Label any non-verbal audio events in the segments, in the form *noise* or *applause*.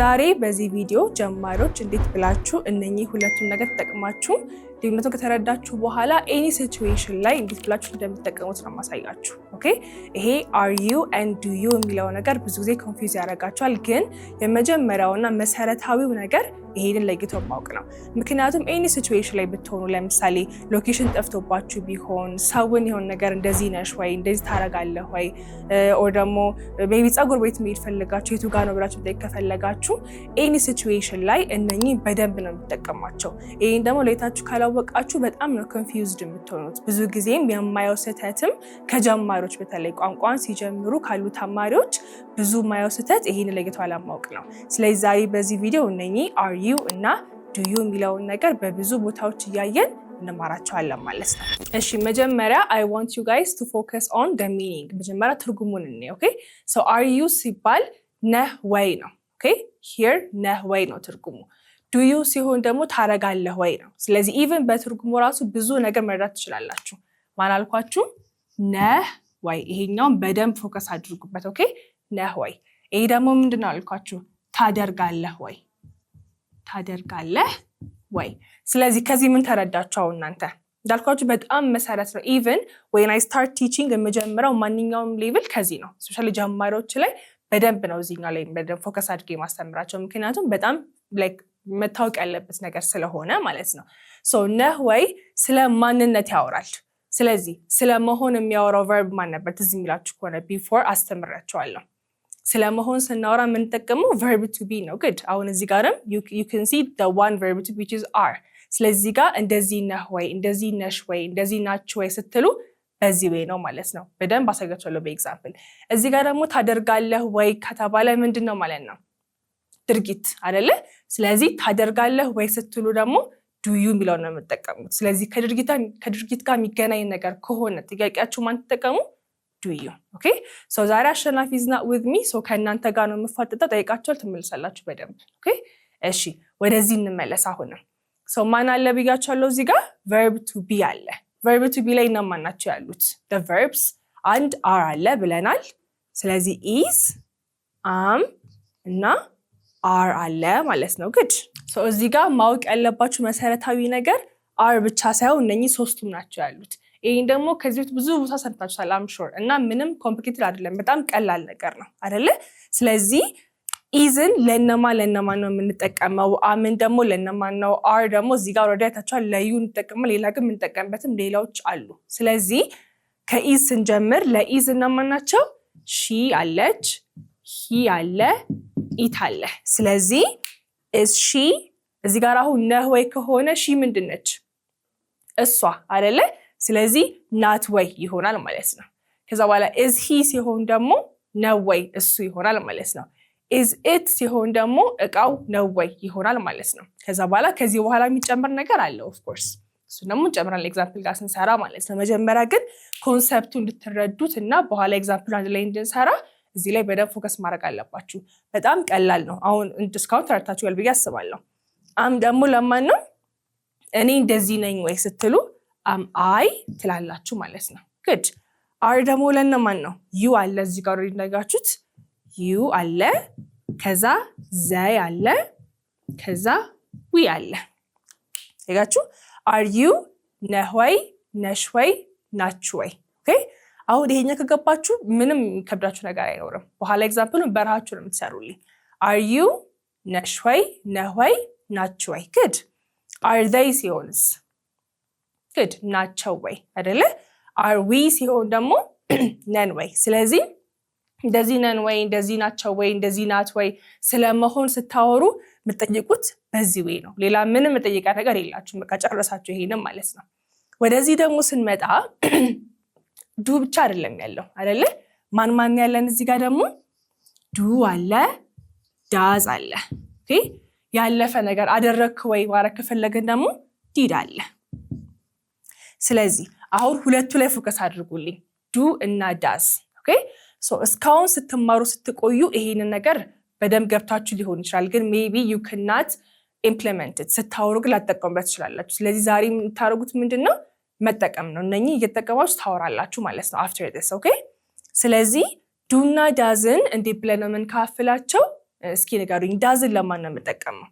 ዛሬ በዚህ ቪዲዮ ጀማሪዎች እንዴት ብላችሁ እነኚህ ሁለቱን ነገር ተጠቅማችሁ ልዩነቱን ከተረዳችሁ በኋላ ኤኒ ሲቹዌሽን ላይ እንዴት ብላችሁ እንደምትጠቀሙት ነው ማሳያችሁ። ኦኬ ይሄ አር ዩ ኤንድ ዱ ዩ የሚለው ነገር ብዙ ጊዜ ኮንፊውዝ ያደርጋችኋል። ግን የመጀመሪያውና መሰረታዊው ነገር ይሄንን ለይቶ ማወቅ ነው። ምክንያቱም ኤኒ ሲቹዌሽን ላይ ብትሆኑ፣ ለምሳሌ ሎኬሽን ጠፍቶባችሁ ቢሆን ሰውን የሆን ነገር እንደዚህ ነሽ ወይ እንደዚህ ታረጋለህ ወይ ኦር ደግሞ ቤቢ ጸጉር ቤት መሄድ ፈለጋችሁ የቱ ጋር ነው ብላችሁ ላይ ከፈለጋችሁ ኤኒ ሲቹዌሽን ላይ እነኚህ በደንብ ነው የሚጠቀማቸው። ይህን ደግሞ ለይታችሁ ካለ ካላወቃችሁ በጣም ነው ኮንፊውዝድ የምትሆኑት። ብዙ ጊዜም የማየው ስህተትም ከጀማሪዎች በተለይ ቋንቋን ሲጀምሩ ካሉ ተማሪዎች ብዙ የማየው ስህተት ይሄን ለይቶ አለማወቅ ነው። ስለዚህ ዛሬ በዚህ ቪዲዮ እነኚህ አር ዩ እና ዱ ዩ የሚለውን ነገር በብዙ ቦታዎች እያየን እንማራቸዋለን ማለት ነው። እሺ መጀመሪያ አይ ዋንት ዩ ጋይስ ቱ ፎከስ ኦን ደ ሚኒንግ መጀመሪያ ትርጉሙን እኔ ኦኬ ሰው አር ዩ ሲባል ነህ ወይ ነው ኦኬ ሂር ነህ ወይ ነው ትርጉሙ ዱዩ ሲሆን ደግሞ ታረጋለህ ወይ ነው። ስለዚህ ኢቨን በትርጉሙ ራሱ ብዙ ነገር መረዳት ትችላላችሁ። ማን አልኳችሁ? ነህ ወይ። ይሄኛውን በደንብ ፎከስ አድርጉበት። ኦኬ፣ ነህ ወይ። ይሄ ደግሞ ምንድን ነው አልኳችሁ? ታደርጋለህ ወይ፣ ታደርጋለህ ወይ። ስለዚህ ከዚህ ምን ተረዳችሁ እናንተ? እንዳልኳችሁ በጣም መሰረት ነው። ኢቨን ወይን አይ ስታርት ቲቺንግ የምጀምረው ማንኛውም ሌቭል ከዚህ ነው። ስፔሻሊ ጀማሪዎች ላይ በደንብ ነው እዚህኛው ላይ በደንብ ፎከስ አድርጌ ማስተምራቸው፣ ምክንያቱም በጣም ላይክ መታወቅ ያለበት ነገር ስለሆነ ማለት ነው። ነህ ወይ ስለ ማንነት ያወራል። ስለዚህ ስለመሆን የሚያወራው ቨርብ ማን ነበር? ትዝ የሚላችሁ ከሆነ ቢፎር ስለ ስለመሆን ስናወራ የምንጠቀመው ቨርብ ቱ ቢ ነው። ግድ አሁን እዚህ ጋርም ዩን ሲ ዋን ቨርብ ቱ ቢ አር። ስለዚህ ጋር እንደዚህ ነህ ወይ፣ እንደዚህ ነሽ ወይ፣ እንደዚህ ናችሁ ወይ ስትሉ በዚህ ወይ ነው ማለት ነው። በደንብ አሳያቸዋለሁ በኤግዛምፕል። እዚህ ጋር ደግሞ ታደርጋለህ ወይ ከተባለ ምንድን ነው ማለት ነው ድርጊት አይደለ? ስለዚህ ታደርጋለህ ወይ ስትሉ ደግሞ ዱዩ የሚለውን ነው የምጠቀሙት። ስለዚህ ከድርጊት ጋር የሚገናኝ ነገር ከሆነ ጥያቄያችሁ ማን ትጠቀሙ? ዱዩ። ኦኬ ሰው ዛሬ አሸናፊ ዝና ዊዝ ሚ ሰው ከእናንተ ጋር ነው የምፋጠጠው። ጠይቃችኋል፣ ትመልሳላችሁ በደንብ ኦኬ። እሺ ወደዚህ እንመለስ። አሁንም ሰው ማን አለ ብያችኋለሁ። እዚህ ጋር ቨርብ ቱ ቢ አለ። ቨርብ ቱ ቢ ላይ እና ማን ናቸው ያሉት? ቨርብስ አንድ አር አለ ብለናል። ስለዚህ ኢዝ አም እና አር አለ ማለት ነው። ግድ እዚህ ጋር ማወቅ ያለባችሁ መሰረታዊ ነገር አር ብቻ ሳይሆን እነኚህ ሶስቱም ናቸው ያሉት። ይህን ደግሞ ከዚህ በፊት ብዙ ቦታ ሰርታችኋል አምሾር እና ምንም ኮምፕሊኬትድ አይደለም። በጣም ቀላል ነገር ነው አደለ? ስለዚህ ኢዝን ለነማ ለነማ ነው የምንጠቀመው፣ አምን ደግሞ ለነማ ነው፣ አር ደግሞ እዚህ ጋር ወረዳ ያታችኋል ለዩ እንጠቀመ፣ ሌላ ግን የምንጠቀምበትም ሌላዎች አሉ። ስለዚህ ከኢዝ ስንጀምር ለኢዝ እነማን ናቸው? ሺ አለች፣ ሂ አለ ኢት አለ። ስለዚህ እስ ሺ እዚህ ጋር አሁን ነህ ወይ ከሆነ ሺ ምንድን ነች? እሷ አይደለ? ስለዚህ ናት ወይ ይሆናል ማለት ነው። ከዛ በኋላ እዝ ሂ ሲሆን ደግሞ ነው ወይ እሱ ይሆናል ማለት ነው። ኢዝ ኢት ሲሆን ደግሞ እቃው ነው ወይ ይሆናል ማለት ነው። ከዛ በኋላ ከዚህ በኋላ የሚጨምር ነገር አለ ኦፍኮርስ እሱ ደግሞ እንጨምራለን ኤግዛምፕል ጋር ስንሰራ ማለት ነው። መጀመሪያ ግን ኮንሰፕቱ እንድትረዱት እና በኋላ ኤግዛምፕል አንድ ላይ እንድንሰራ እዚህ ላይ በደንብ ፎከስ ማድረግ አለባችሁ። በጣም ቀላል ነው። አሁን እስካሁን ተረድታችኋል ብዬ አስባለሁ። አም ደግሞ ለማን ነው እኔ እንደዚህ ነኝ ወይ ስትሉ አም አይ ትላላችሁ ማለት ነው። ግድ አር ደግሞ ለነማን ነው? ዩ አለ እዚህ ጋር ነጋችሁት። ዩ አለ ከዛ ዘይ አለ ከዛ ዊ አለ ጋችሁ አር ዩ ነህወይ ነሽወይ ናችወይ አሁን ይሄኛ ከገባችሁ ምንም ከብዳችሁ ነገር አይኖርም። በኋላ ኤግዛምፕል በረሃችሁ ነው የምትሰሩልኝ። አር ዩ ነሽ ወይ ነህ ወይ ናችሁ ወይ ግድ አር ዘይ ሲሆንስ ግድ ናቸው ወይ አይደለ? አር ዊ ሲሆን ደግሞ *clears throat* ነን ወይ። ስለዚህ እንደዚህ ነን ወይ እንደዚህ ናቸው ወይ እንደዚህ ናት ወይ ስለመሆን ስታወሩ የምጠይቁት በዚህ ወይ ነው። ሌላ ምንም መጠየቂያ ነገር የላችሁም። በቃ ጨረሳችሁ ይሄንም ማለት ነው። ወደዚህ ደግሞ ስንመጣ *clears throat* ዱ ብቻ አይደለም ያለው አይደለ? ማን ማን ያለን እዚህ ጋር ደግሞ ዱ አለ፣ ዳዝ አለ። ያለፈ ነገር አደረክ ወይ ማረግ ከፈለግን ደግሞ ዲድ አለ። ስለዚህ አሁን ሁለቱ ላይ ፎከስ አድርጉልኝ፣ ዱ እና ዳዝ። እስካሁን ስትማሩ ስትቆዩ ይሄንን ነገር በደንብ ገብታችሁ ሊሆን ይችላል፣ ግን ሜቢ ዩ ክናት ኢምፕሊመንትድ ስታወሩ ግን ላጠቀሙበት ትችላላችሁ። ስለዚህ ዛሬ የምታደርጉት ምንድን ነው? መጠቀም ነው። እነኚህ እየተጠቀማችሁ ታወራላችሁ ማለት ነው። አፍተር ዲስ ኦኬ። ስለዚህ ዱና ዳዝን እንዴት ብለን ነው የምንካፍላቸው? እስኪ ንገሩኝ። ዳዝን ለማን ነው የምጠቀመው?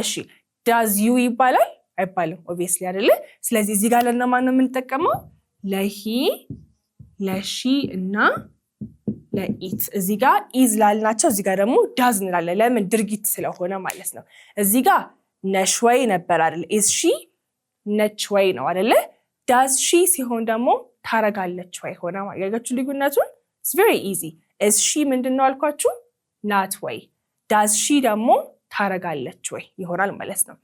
እሺ ዳዝ ዩ ይባላል አይባልም? ኦብቪየስሊ አይደለ? ስለዚህ እዚህ ጋር ለእነማን ነው የምንጠቀመው? ለሂ ለሺ እና ለኢት እዚህ ጋር ኢዝ ላልናቸው፣ እዚህ ጋር ደግሞ ዳዝ እንላለን። ለምን ድርጊት ስለሆነ ማለት ነው። እዚህ ጋር ነሽ ወይ ነበር አይደል? ኢዝ ሺ ነች ወይ ነው አደለ? ዳዝ ሺ ሲሆን ደግሞ ታረጋለች ወይ ሆነ ያገችሁ ልዩነቱን ኢትስ ቬሪ ኢዚ። እስ ሺ ምንድን ነው አልኳችሁ? ናት ወይ። ዳዝ ሺ ደግሞ ታረጋለች ወይ ይሆናል ማለት ነው።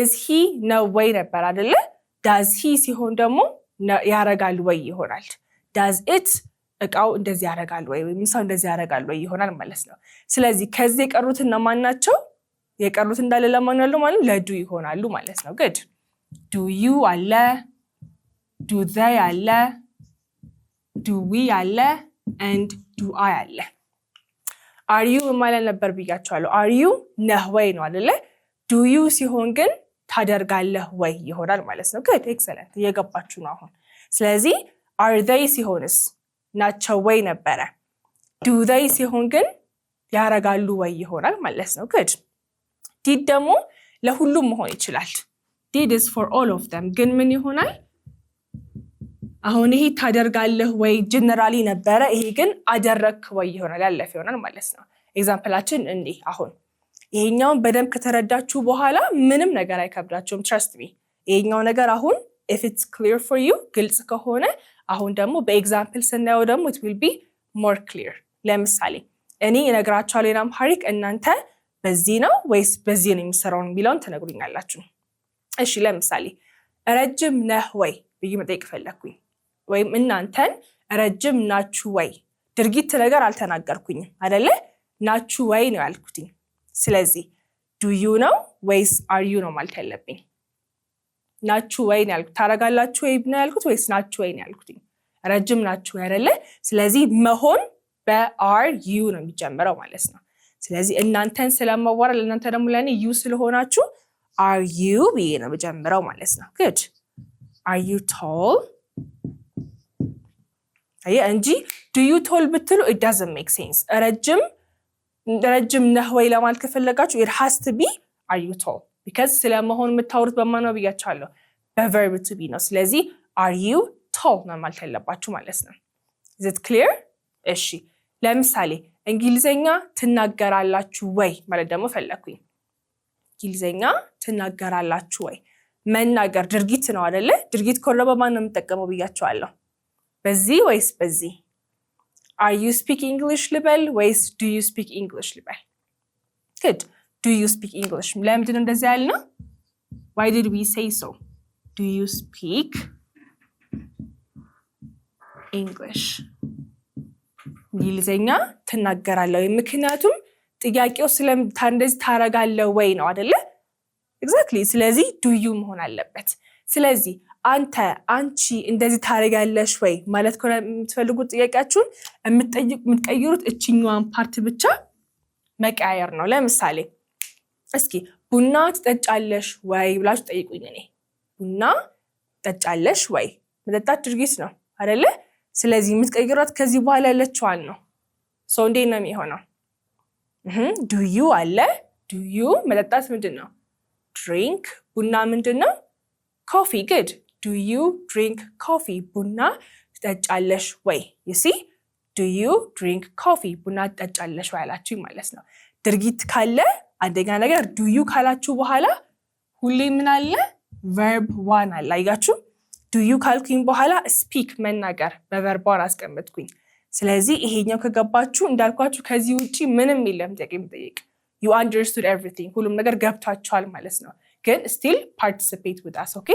እስ ሂ ነው ወይ ነበር አደለ? ዳዝ ሂ ሲሆን ደግሞ ያረጋል ወይ ይሆናል። ዳዝ ኢት እቃው እንደዚህ ያረጋል ወይ ወይም ሰው እንደዚህ ያረጋል ወይ ይሆናል ማለት ነው። ስለዚህ ከዚህ የቀሩት እነማን ናቸው? የቀሩት እንዳለ ለማን ያሉ ማለት ለዱ ይሆናሉ ማለት ነው ግድ ዱዩ አለ፣ ዱዘይ አለ፣ ዱዊ አለ፣ ኤንድ ዱአይ አለ። አርዩ ማለት ነበር ብያቸዋለሁ። አርዩ ነህ ወይ ነው አለ። ዱዩ ሲሆን ግን ታደርጋለህ ወይ ይሆናል ማለት ነው። ግድ ኤክሰለንት፣ እየገባችሁ ነው አሁን። ስለዚህ አርዘይ ሲሆንስ ናቸው ወይ ነበረ። ዱዘይ ሲሆን ግን ያረጋሉ ወይ ይሆናል ማለት ነው። ግድ ዲድ ደግሞ ለሁሉም መሆን ይችላል። ዲድስ ፎር ኦል ኦፍ ተም ግን ምን ይሆናል አሁን ይሄ ታደርጋለህ ወይ ጀነራሊ ነበረ። ይሄ ግን አደረክ ወይ ይሆናል ያለፈ ይሆናል ማለት ነው። ኤግዛምፕላችን እንዲህ አሁን ይሄኛውን በደንብ ከተረዳችሁ በኋላ ምንም ነገር አይከብዳችሁም። ትረስት ሚ ይሄኛው ነገር አሁን ኢፍ ኢትስ ክሊር ፎር ዩ ግልጽ ከሆነ አሁን ደግሞ በኤግዛምፕል ስናየው ደግሞ ኢት ዊል ቢ ሞር ክሊር። ለምሳሌ እኔ እነግራችኋለሁ ሌላም ሀሪክ እናንተ በዚህ ነው ወይስ በዚህ ነው የሚሰራውን የሚለውን ትነግሩኛላችሁ። እሺ ለምሳሌ ረጅም ነህ ወይ ብዬ መጠየቅ ፈለግኩኝ፣ ወይም እናንተን ረጅም ናችሁ ወይ ድርጊት ነገር አልተናገርኩኝም አደለ? ናችሁ ወይ ነው ያልኩትኝ። ስለዚህ ዱዩ ነው ወይስ አርዩ ነው ማለት ያለብኝ። ናችሁ ወይ ነው ያልኩት። ታረጋላችሁ ወይ ነው ያልኩት ወይስ ናችሁ ወይ ነው ያልኩትኝ። ረጅም ናችሁ ወይ አደለ? ስለዚህ መሆን በአር ዩ ነው የሚጀምረው ማለት ነው። ስለዚህ እናንተን ስለማዋራ ለእናንተ ደግሞ ለእኔ ዩ ስለሆናችሁ አር ዩ ብዬ ነው የምጀምረው ማለት ነው። ግድ አር ዩ ቶል እንጂ ዱ ዩ ቶል ብትሉ ኢት ዳዝንት ሜክ ሴንስ። ረጅም ረጅም ነህ ወይ ለማለት ከፈለጋችሁ ኢት ሃስ ቱ ቢ አር ዩ ቶል ቢካዝ ስለመሆን የምታወሩት በማን ነው ብያችኋለሁ፣ በቨርብ ቱ ቢ ነው። ስለዚህ አር ዩ ቶል ነው ማለት ያለባችሁ ማለት ነው። ኢት ክሊር? እሺ፣ ለምሳሌ እንግሊዘኛ ትናገራላችሁ ወይ ማለት ደግሞ ፈለግኩኝ እንግሊዝኛ ትናገራላችሁ ወይ? መናገር ድርጊት ነው አደለ? ድርጊት ከሆነ በማን ነው የምጠቀመው ብያቸዋለሁ። በዚህ ወይስ በዚህ? አር ዩ ስፒክ ኢንግሊሽ ልበል ወይስ ዱ ዩ ስፒክ ኢንግሊሽ ልበል? ግድ ዱ ዩ ስፒክ ኢንግሊሽ። ለምንድን ነው እንደዚያ ያልነው? ዋይ ዲድ ዊ ሴይ ሶ? ዱ ዩ ስፒክ ኢንግሊሽ፣ እንግሊዝኛ ትናገራለህ። ምክንያቱም ጥያቄው ስለምታ እንደዚህ ታረጋለ ወይ ነው አደለ? ኤግዛክትሊ። ስለዚህ ዱዩ መሆን አለበት። ስለዚህ አንተ አንቺ እንደዚህ ታረጋለሽ ወይ ማለት ከሆነ የምትፈልጉት ጥያቄያችሁን የምትቀይሩት እችኛዋን ፓርት ብቻ መቀያየር ነው። ለምሳሌ እስኪ ቡና ትጠጫለሽ ወይ ብላችሁ ጠይቁኝ። እኔ ቡና ትጠጫለሽ ወይ መጠጣት ድርጊት ነው አደለ? ስለዚህ የምትቀይሯት ከዚህ በኋላ ያለችዋል ነው ሰው እንዴት ነው የሚሆነው? ዱዩ አለ። ዱዩ መጠጣት ምንድን ነው? ድሪንክ። ቡና ምንድን ነው? ኮፊ። ግድ ዱዩ ድሪንክ ኮፊ? ቡና ትጠጫለሽ ወይ? ይሲ ዱዩ ድሪንክ ኮፊ? ቡና ትጠጫለሽ ወይ አላችሁ ማለት ነው። ድርጊት ካለ አንደኛ ነገር ዱዩ ካላችሁ በኋላ ሁሌ ምን አለ? ቨርብ ዋን አለ። አያችሁ ዱዩ ካልኩኝ በኋላ ስፒክ መናገር በቨርብ ዋን አስቀምጥኩኝ። ስለዚህ ይሄኛው ከገባችሁ እንዳልኳችሁ ከዚህ ውጭ ምንም የለም። ጥያቄ መጠየቅ ዩ አንደርስቱድ ኤቭሪቲንግ ሁሉም ነገር ገብታችኋል ማለት ነው። ግን ስቲል ፓርቲስፔት ውጣስ ኦኬ።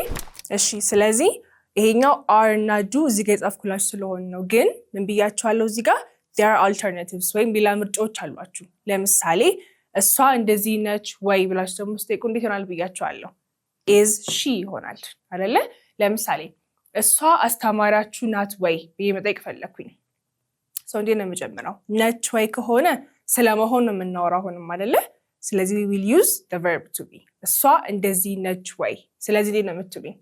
እሺ ስለዚህ ይሄኛው አር እና ዱ እዚህ ጋ የጻፍኩላችሁ ስለሆነ ነው። ግን ምን ብያችኋለሁ እዚህ ጋር ር አልተርናቲቭስ ወይም ሌላ ምርጫዎች አሏችሁ። ለምሳሌ እሷ እንደዚህ ነች ወይ ብላችሁ ደግሞ ስጠይቁ እንዴት ይሆናል ብያችኋለሁ። ኢዝ ሺ ይሆናል አይደለ? ለምሳሌ እሷ አስተማሪያችሁ ናት ወይ ብዬ መጠየቅ ፈለግኩኝ። ሰው እንዴት ነው የምጀምረው? ነች ወይ ከሆነ ስለመሆን ነው የምናወራው። አሁንም አይደለ? ስለዚህ ዊል ዩዝ use the verb እሷ እንደዚህ ነች ወይ? ስለዚህ እንዴት ነው የምትሉኝ?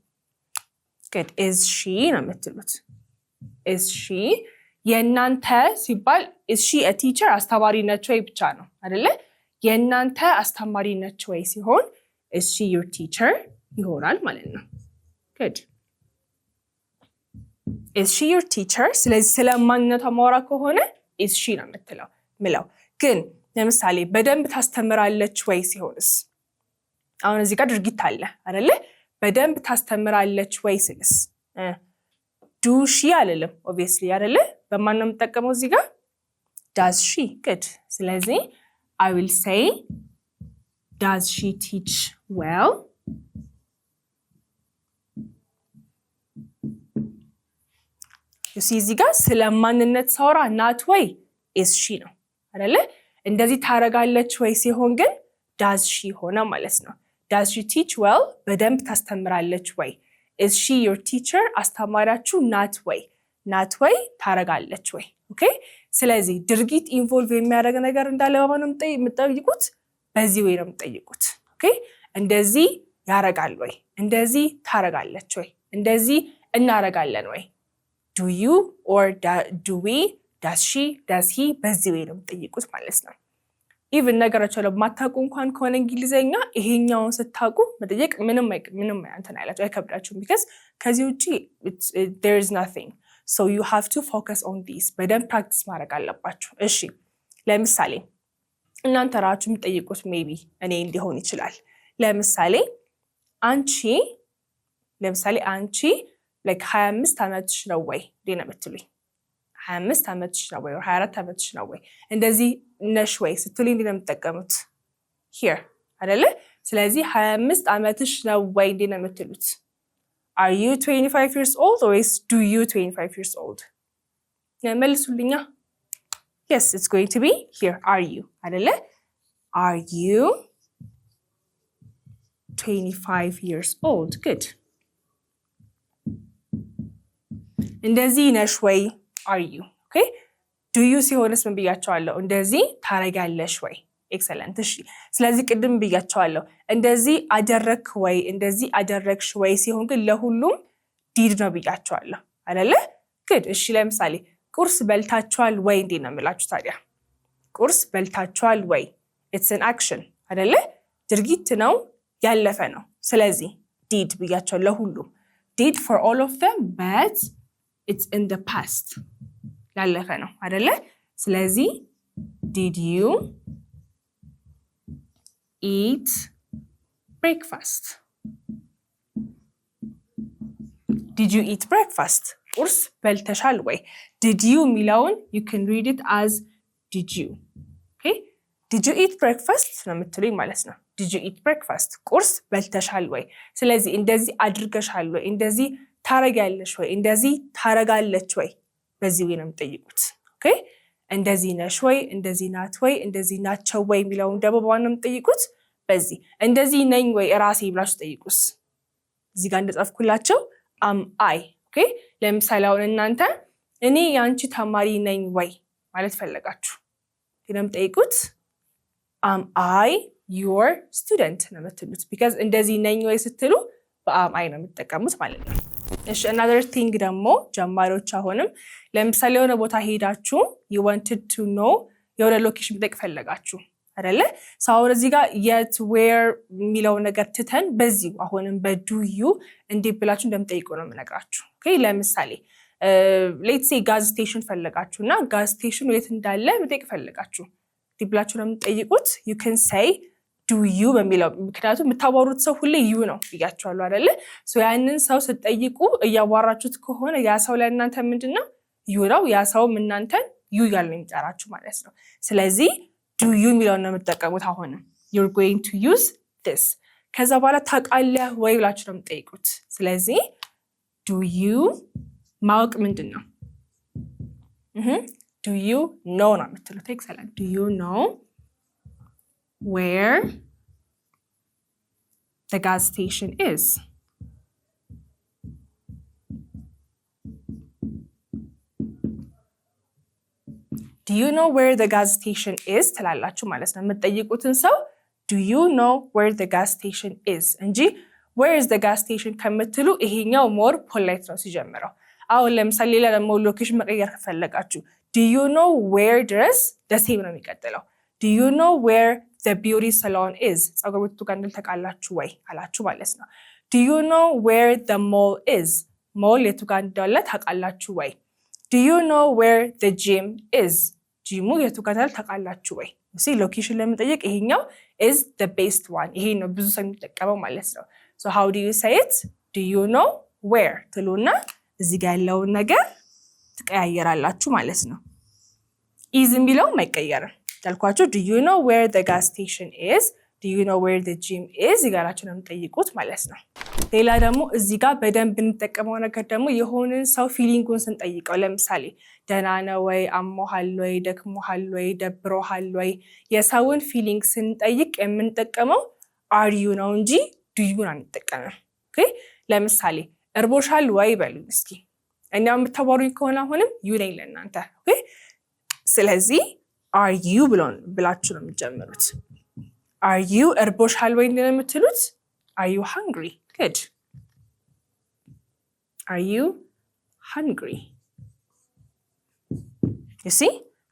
good is she ነው የምትሉት። የእናንተ ሲባል is ቲቸር a አስተማሪ ነች ወይ ብቻ ነው አይደለ? የእናንተ አስተማሪ ነች ወይ ሲሆን is she ቲቸር ይሆናል ማለት ነው። ግድ ኢዝ ሺ ዩር ቲቸር። ስለዚህ ስለ ማንነቷ ማውራ ከሆነ ኢዝ ሺ ነው የምትለው ምለው። ግን ለምሳሌ በደንብ ታስተምራለች ወይ ሲሆንስ፣ አሁን እዚህ ጋር ድርጊት አለ አደለ? በደንብ ታስተምራለች ወይ ስልስ ዱ ሺ አልልም። ኦብቪየስሊ አደለ? በማን ነው የምጠቀመው እዚህ ጋር ዳዝ ሺ ቅድ። ስለዚህ አይ ዊል ሴይ ዳዝ ሺ ቲች ዌል ዩሲ እዚህ ጋር ስለ ማንነት ናት ወይ ኢዝ ሺ ነው አይደለ? እንደዚህ ታረጋለች ወይ ሲሆን ግን ዳዝ ሺ ሆነ ማለት ነው። ዳዝ ሺ ቲች ዌል በደንብ ታስተምራለች ወይ? ኢዝ ሺ ዮር ቲቸር አስተማሪያችሁ ናት ወይ? ናት ወይ ታረጋለች ወይ? ኦኬ። ስለዚህ ድርጊት ኢንቮልቭ የሚያደርግ ነገር እንዳለ በማን ነው የምጠይቁት? በዚህ ወይ ነው የምጠይቁት። ኦኬ። እንደዚህ ያረጋል ወይ? እንደዚህ ታረጋለች ወይ? እንደዚህ እናረጋለን ወይ? ዱዩ ኦር ዱዌ ዳስ ዳዚ በዚህ ወይ ነው የምጠይቁት ማለት ነው። ኢቭን ነገራቸው ለማታውቁ እንኳን ከሆነ እንግሊዘኛ ይሄኛውን ስታውቁ መጠየቅ ምንም ምንም እንትን አይላቸው አይከብዳችሁም። ቢከስ ከዚህ ውጭ ዜር ኢዝ ናቲንግ ሶ ዩ ሃቭ ቱ ፎከስ ኦን ዲስ በደንብ ፕራክቲስ ማድረግ አለባችሁ። እሺ ለምሳሌ እናንተ ራችሁ የምጠይቁት ሜቢ እኔ ሊሆን ይችላል። ለምሳሌ አንቺ ለምሳሌ አንቺ ላይክ 25 ዓመትሽ ነው ወይ እንዴ ነው የምትሉኝ? 25 ዓመትሽ ነው ወይ 24 ዓመትሽ ነው ወይ እንደዚህ ነሽ ወይ ስትሉኝ እንዴ ነው የምትጠቀሙት? ሂር አይደለ? ስለዚህ 25 ዓመትሽ ነው ወይ እንዴ ነው የምትሉት? አር ዩ 25 years old ወይስ ዱ ዩ 25 years old? መልሱልኛ። የስ ኢትስ ጎይንግ ቱ ቢ ሂር አር ዩ አይደለ? አር ዩ 25 years old? ጉድ እንደዚህ ነሽ ወይ አር ዩ ኦኬ። ዱ ዩ ሲሆንስ ምን ብያቸዋለሁ? እንደዚህ ታረጊያለሽ ወይ ኤክሰለንት። እሺ፣ ስለዚህ ቅድም ብያቸዋለሁ እንደዚህ አደረክ ወይ እንደዚህ አደረግሽ ወይ ሲሆን ግን ለሁሉም ዲድ ነው ብያቸዋለሁ አለለ ግድ እሺ። ለምሳሌ ቁርስ በልታችኋል ወይ እንዴት ነው የምላችሁ ታዲያ? ቁርስ በልታችኋል ወይ ኢትስ አን አክሽን አይደለ? ድርጊት ነው ያለፈ ነው። ስለዚህ ዲድ ብያቸዋለሁ ለሁሉም ዲድ ፎር ኦል ኦፍ ዘም በት ኢትስ ኢን ደ ፓስት ያለፈ ነው አደለ? ስለዚህ ዲድ ዩ ኢት ብሬክፋስት ዲድ ዩ ኢት ብሬክፋስት ቁርስ በልተሻል ወይ? ዲድ ዩ የሚለውን ዩ ካን ሪድ ኢት አዝ ዲድ ዩ ዲድ ዩ ኢት ብሬክፋስት ነው የምትሉኝ ማለት ነው። ዲድ ዩ ኢት ብሬክፋስት ቁርስ በልተሻል ወይ? ስለዚህ እንደዚህ አድርገሻል ወይ እንደዚህ ታረጊያለሽ ወይ? እንደዚህ ታረጋለች ወይ? በዚህ ወይ ነው የምጠይቁት ኦኬ እንደዚህ ነሽ ወይ? እንደዚህ ናት ወይ? እንደዚህ ናቸው ወይ? የሚለውን ደግሞ በዋን ነው የምጠይቁት? በዚህ እንደዚህ ነኝ ወይ ራሴ ብላችሁ ጠይቁስ። እዚህ ጋር እንደጻፍኩላቸው አም አይ። ኦኬ ለምሳሌ አሁን እናንተ እኔ የአንቺ ተማሪ ነኝ ወይ ማለት ፈለጋችሁ ነው የምጠይቁት። አም አይ ዩር ስቱደንት ነው የምትሉት። ቢካዝ እንደዚህ ነኝ ወይ ስትሉ በአም አይ ነው የምትጠቀሙት ማለት ነው። እሺ አናዘር ቲንግ ደግሞ ጀማሪዎች አሁንም ለምሳሌ የሆነ ቦታ ሄዳችሁ ዩ ዋንትድ ቱ ኖ የሆነ ሎኬሽን ብጠቅ ፈለጋችሁ አይደለ? አሁን እዚህ ጋር የት ዌር የሚለው ነገር ትተን በዚሁ አሁንም በዱዩ እንዴት ብላችሁ እንደምጠይቁ ነው የምነግራችሁ። ለምሳሌ ሌትሴ ጋዝ ስቴሽን ፈለጋችሁ እና ጋዝ ስቴሽን የት እንዳለ ብጠቅ ፈለጋችሁ እንዲህ ብላችሁ ነው የምጠይቁት ዩ ን ሳይ ዱዩ በሚለው ምክንያቱም የምታዋሩት ሰው ሁሌ ዩ ነው ብያቸዋለሁ አይደለ? ያንን ሰው ስትጠይቁ እያዋራችሁት ከሆነ ያ ሰው እናንተ ምንድን ነው ዩ ነው። ያ ሰውም እናንተን ዩ እያለ የሚጠራችሁ ማለት ነው። ስለዚህ ዱዩ የሚለውን ነው የምጠቀሙት አሁንም ዩር ጎይንግ ቱ ዩዝ ስ ከዛ በኋላ ታውቃለህ ወይ ብላችሁ ነው የምጠይቁት። ስለዚህ ዩ ማወቅ ምንድን ነው ዩ ኖ ነው የምትሉት። ኤክሰለንት ዩ ኖ where the gas station is. Do you know where the gas station is? ትላላችሁ ማለት ነው። የምትጠይቁትን ሰው ዱ ዩ ኖ ዌር ዘ ጋስ ስቴሽን ኢዝ እንጂ ዌር ኢዝ ዘ ጋስ ስቴሽን ከምትሉ ይሄኛው ሞር ፖላይት ነው ሲጀምረው። አሁን ለምሳሌ ሌላ ደግሞ ሎኬሽን መቀየር ከፈለጋችሁ ዱ ዩ ኖ ዌር ድረስ ደሴም ነው የሚቀጥለው። ዱ ዩ ኖ ዌር the beauty salon is? ጸጉር ቤቱ ጋር እንደል ታውቃላችሁ ወይ አላችሁ ማለት ነው። Do you know where the mall is? ሞል የቱ ጋር እንዳለ ታውቃላችሁ ወይ? Do you know where the gym is? ጂሙ የቱ ጋር እንዳለ ታውቃላችሁ ወይ? ሲ ሎኬሽን ለመጠየቅ ይሄኛው is the best one። ይሄ ነው ብዙ ሰው የሚጠቀመው ማለት ነው። So how do you say it? Do you know where ትሉና እዚህ ጋር ያለውን ነገር ትቀያየራላችሁ ማለት ነው። ኢዝ የሚለው አይቀየርም። እንዳልኳችሁ ዱ ዩ ኖ ዌር ዘ ጋዝ ስቴሽን ኢዝ ዱ ዩ ኖ ዌር ዘ ጂም ኢዝ ይጋራችሁ ነው የምጠይቁት ማለት ነው። ሌላ ደግሞ እዚህ ጋር በደንብ እንጠቀመው ነገር ደግሞ የሆንን ሰው ፊሊንጉን ስንጠይቀው ለምሳሌ ደህና ነህ ወይ፣ አሞሃል ወይ፣ ደክሞሃል ወይ፣ ደብሮሃል ወይ የሰውን ፊሊንግ ስንጠይቅ የምንጠቀመው አርዩ ነው እንጂ ዱዩን አንጠቀምም። ለምሳሌ እርቦሻል ወይ በሉኝ እስኪ እኛ የምታወሩኝ ከሆነ አሁንም ዩ ነኝ ለእናንተ። ስለዚህ አርዩ ብላችሁ ነው የምትጀምሩት። አርዩ እርቦሻል ወይ ነው የምትሉት። አርዩ ሃንግሪ ግድ አርዩ ሃንግሪ ሲ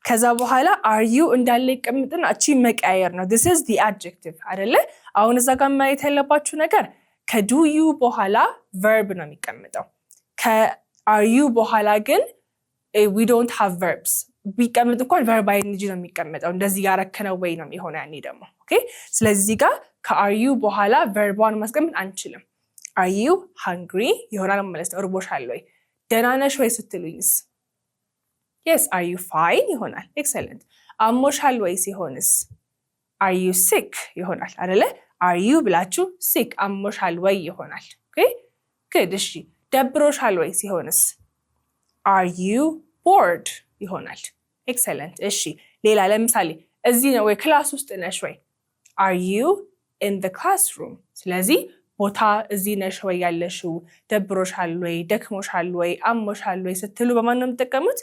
ከዛ በኋላ አርዩ እንዳለ ይቀምጥና እቺ መቀያየር ነው። ስ ዝ አድጀክቲቭ አይደለ? አሁን እዛ ጋር ማየት ያለባችሁ ነገር ከዱዩ በኋላ ቨርብ ነው የሚቀምጠው። ከአርዩ በኋላ ግን ዊ ዶንት ሃቭ ቨርብስ ቢቀመጥ እንኳን ቨርባይ እንጂ ነው የሚቀመጠው። እንደዚህ ያረከነው ወይ ነው የሚሆነ ያኔ ደግሞ ስለዚህ ጋር ከአርዩ በኋላ ቨርቧን ማስቀመጥ አንችልም። አርዩ ሃንግሪ ይሆናል ማለት ነው። እርቦሻል ወይ ደህና ነሽ ወይ ስትሉኝስ? የስ አርዩ ፋይን ይሆናል። ኤክሰለንት። አሞሻል ወይ ሲሆንስ? አርዩ ሲክ ይሆናል አደለ? አርዩ ብላችሁ ሲክ አሞሻል ወይ ይሆናል። ግድ። እሺ ደብሮሻል ወይ ሲሆንስ? አርዩ ቦርድ ይሆናል። ኤክሰለንት። እሺ ሌላ ለምሳሌ እዚህ ነው ወይ ክላስ ውስጥ ነሽ ወይ? አር ዩ ኢን ዘ ክላስሩም። ስለዚህ ቦታ እዚህ ነሽ ወይ ያለሽው፣ ደብሮሻል ወይ፣ ደክሞሻል ወይ፣ አሞሻል ወይ ስትሉ በማን ነው የምጠቀሙት?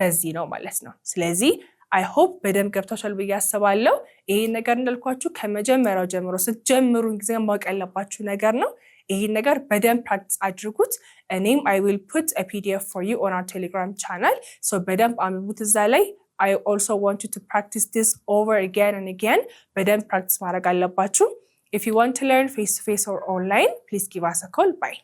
በዚህ ነው ማለት ነው። ስለዚህ አይ ሆፕ በደንብ ገብታችኋል ብዬ አስባለሁ። ይህ ነገር እንዳልኳችሁ ከመጀመሪያው ጀምሮ ስትጀምሩ ጊዜ ማወቅ ያለባችሁ ነገር ነው። ይሄን ነገር በደንብ ፕራክቲስ አድርጉት። እኔም አይ ዊል ፑት ፒዲኤፍ ፎር ዩ ኦን አር ቴሌግራም ቻናል ሶ በደንብ አንብቡት እዛ ላይ አይ ኦልሶ ዋንት ቱ ፕራክቲስ ዲስ ኦቨር አጋን አንድ አጋን በደንብ ፕራክቲስ ማድረግ አለባችሁ። ኢፍ ዩ ዋንት ቱ ለርን ፌስ ቱ ፌስ ኦር ኦንላይን ፕሊዝ ጊቭ አስ ኮል ባይ